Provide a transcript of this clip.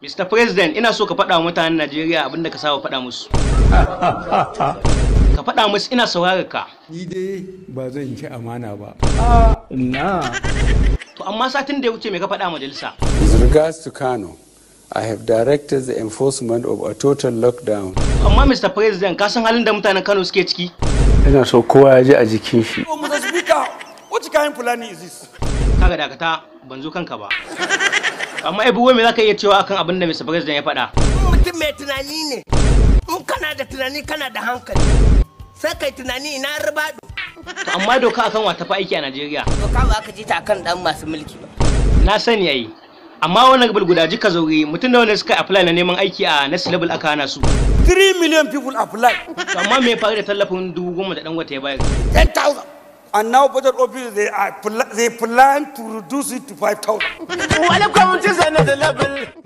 Mr. President, ina so ka faɗa wa mutanen Najeriya abin da ka saba faɗa musu. Ka faɗa musu ina saurarar ka. Ni dai ba zan ci amana ba. Ah, Na. To amma satin da ya wuce me ka faɗa majalisa? With regards to Kano, I have directed the enforcement of a total lockdown. Amma Mr. President, ka san halin da mutanen Kano suke ciki? Ina so kowa ya ji a jikin shi. Oh, Mr. Speaker, what kind of plan is this? Kaga dakata, ban zo kanka ba. amma ai buwai me zaka iya cewa akan abin da Mr. President ya faɗa mutum mai tunani ne in kana da tunani kana da hankali sai kai tunani ina rubado to amma doka akan wata aiki a Najeriya doka ba ka ji ta akan dan masu mulki ba na sani ai amma wannan bulgudaji ka zauri mutum da wanda suka apply na neman aiki a next level aka hana su 3 million people apply amma me ya faru da tallafin dubu goma da dan wata ya bayar 10000 And now budget office, they, are, they plan to reduce it to 5,000.